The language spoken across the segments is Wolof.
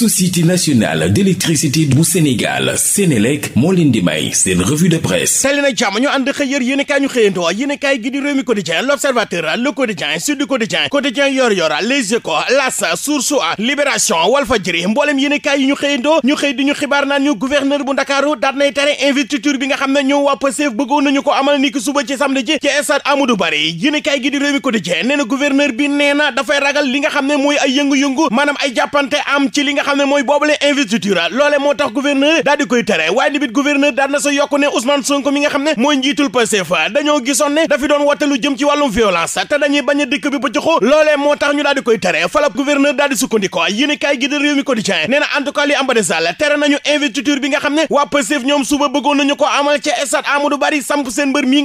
société nationale d'électricité bu Sénégal Sénélec moo leen di may seen revue de presse teli na jàmm ñu ànd xëy yër yéen i kaay ñu xëyantoo yéen i kaay gi di Rewmi Quotidien L'Observateur Le Quotidien Sud Quotidien Yor Yor Les Échos L'As Source A Libération Walfadjri mboolem yéen i kaay ñu xëyantoo ñu xëy ñu xibaar ñu gouverneur bu Ndakaaru ci samedi ji ci stade Amadou Barry yéen i kaay gi di Rewmi Quotidien nee na bi ne xam ne mooy boobule investiture loole moo tax gouverneur daal di koy tere waaye nibit gouverneur daal na sa yokk ne Ousmane Sonko mi nga xam ne mooy njiitul Pastef dañoo gisoon ne dafi doon wote lu jëm ci wàllum violence te dañuy bañ a dikk bi ba joxoo loolee moo tax ñu daal di koy tere fala gouverneur daal di sukkandikoo yéen kaay na en tout cas li ambade sall tere nañu investiture bi nga xam ne waa Pastef ñoom suba bëggoon nañu ko amal ca stade Amadou Barry samp seen mbër mii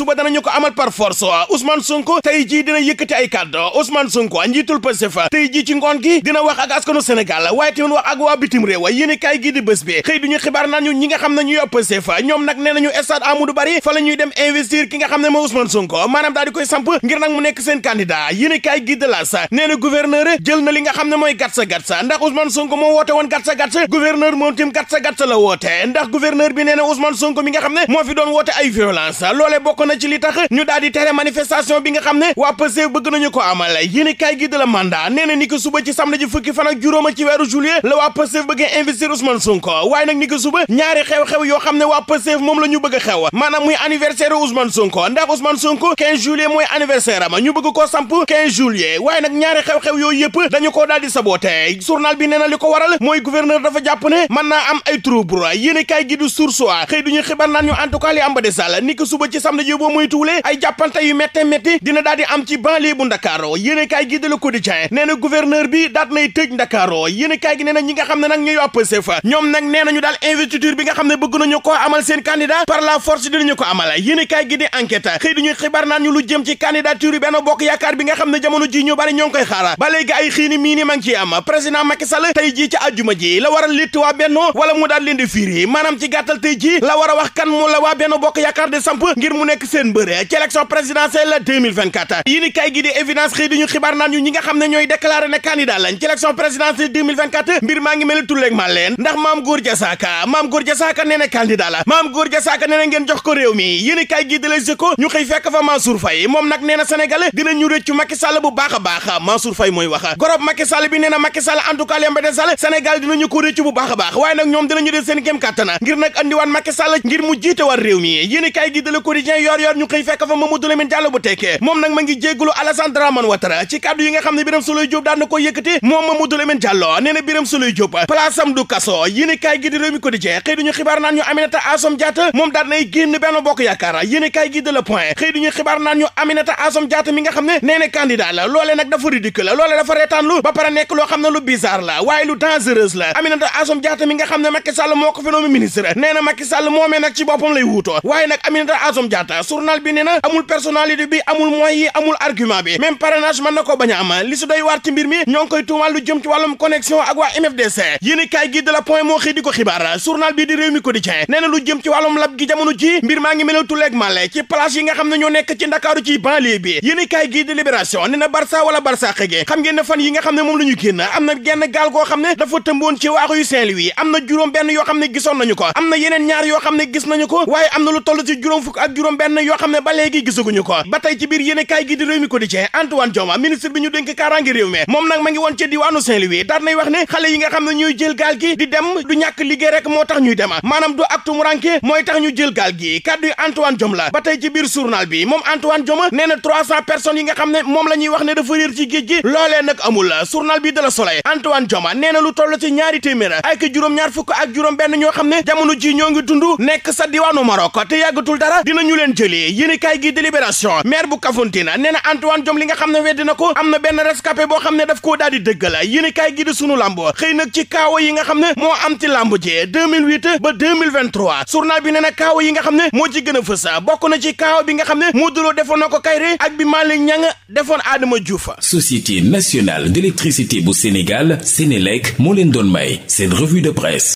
suba danañu ko amal par force Ousmane Sonko tey jii dina yëkkati ay kàddu Ousmane Sonko njiitul woote woon gatsa gatsa gouverneur moom tim gatsa gatsa la woote ndax gouverneur bi nee na Ousmane mi nga xam ne moo fi doon woote ay violence loolee bokk na ci li ñu daal tere manifestation bi nga xam ne waa Pastef bëgg nañu ko amal yéen kaay gi de la mandat nee na suba ci samedi ji fukki fan juróoma ci weeru juillet la waa Pastef bëgg a investir Ousmane waaye nag ni suba ñaari xew-xew yoo xam ne waa Pastef moom la ñu bëgg a xew maanaam muy anniversaire Ousmane Sonko ndax Ousmane Sonko 15 juillet mooy anniversaire am ñu bëgg koo samp 15 juillet waaye nag ñaari xew-xew yooyu yëpp dañu ko waral mooy banlieue boo muy tuulee ay jàppante yu métte métti dina daal di am ci banlieue bu ndakaaro yéene kaay gi de Le Quotidien nee na gouverneur bi daat nay tëj ndakaaro yéene kaay gi nee na ñi nga xam ne nag ñooy waa Pastef ñoom nag nee nañu daal xam ne bëgg nañu ko amal seen candidat par la force dinañu ko amal yéene kaay gi di enquête xëy xibaar naan ñu lu jëm ci candidature yi bokk yaakaar bi nga xam ne jamono ji ñu bari ñoo ngi xaara ba léegi ay xiini a litt waa Benno wala mu daal nekk seen mbëree ci élection présidentielle kay gi di évidence ñu xibaar naan ñu ñi nga xam ne ñooy déclaré ne candidat lañ ci élection mbir maa ngi mel ni tulleeg ma leen ndax maam góor jasaaka maam góor jasaaka nee na la maam góor jasaaka nee ngeen jox ko réew mi yi kay gi di Les ñu xëy fekk fa Mansour Faye moom nag nee na dina ñu rëccu Macky bu baax baax Mansour Faye mooy wax gorob Macky bi nee na yor ñu xëy fekk fa Mamadou Lamine Diallo bu tekkee moom nag ma ngi jéggulu Alassane Dramane Ouattara ci kàddu yi nga xam ne Birame Souleye Diop daan ko yëkkati moom Mamadou Lamine Diallo nee na Birame Souleye Diop place am du kaso yéen kaay gi di réew mi quotidien xëy duñu xibaar naan ñu Aminata Assome Diatta moom daan nay génn benn bokk yaakaar yéen kaay gi de la point xëy duñu xibaar naan ñu Aminata Assome Diatta mi nga xam ne nee na la loolee nag dafa journal bi nee na amul personnalité bi amul moyens yi amul argument bi même parrainage mën na ko bañ a am li su doy waar ci mbir mi ñoo koy tuumaal lu jëm ci wàllum connexion ak waa MFDC yéen kaay gi de la point moo xëy di ko xibaar journal bi di réew mi quotidien nee na lu jëm ci wàllum lab gi jamono ji mbir maa ngi mel tuleeg male ci place yi nga xam ne ñoo nekk ci ndakaaru ci banlieue bi yéen kaay gi di libération nee na Barça wala ne moom la ñu génn am na genn ne dafa tëmboon ci na juróom benn yoo xam ne gisoon nañu ko am na yeneen ñaar yoo xam ne gis nañu ko waaye am na lu toll ci juróom fukk ak juróom yenn yoo xam ne ba léegi ko ba ci biir yéen kaay gi di réew mi quotidien Antoine Diome ministre bi ñu dénk kaaraange réew mi moom nag ma ngi woon ci diwaanu Saint-Louis daal wax ne xale yi nga xam ne ñuy jël gaal di dem du ñàkk liggéey rek moo tax ñuy dem maanaam du ak tumuranke mooy tax ñu jël gaal gi kàddu yi la ba ci biir journal bi moom Antoine Diome nee na trois cent yi nga xam ne moom la ñuy wax ne dafa réer ci géej gi loolee nag amul journal bi da la Soleil Antoine benn ñoo xam ne jamono ji ñoo ngi dund nekk jëlee yéen kaay gi délibération maire bu Kafountine nee na Antoine Diome li nga xam ne weddi na ko am na benn rescapé boo xam ne daf koo daal di dëggal yéen kaay gi di sunu lambo xëy nag ci kaawa yi nga xam ne moo am ci lamb ji 2008 ba 2023 journal bi nee na kaawa yi nga xam ne moo ci gën a fës bokk na ci kaawa bi nga xam ne Modou Lo defoon na ko Kayre ak bi Malick Niang defoon Adama Diouf Société nationale d'électricité bu Sénégal Sénélec moo leen doon may seen revue de presse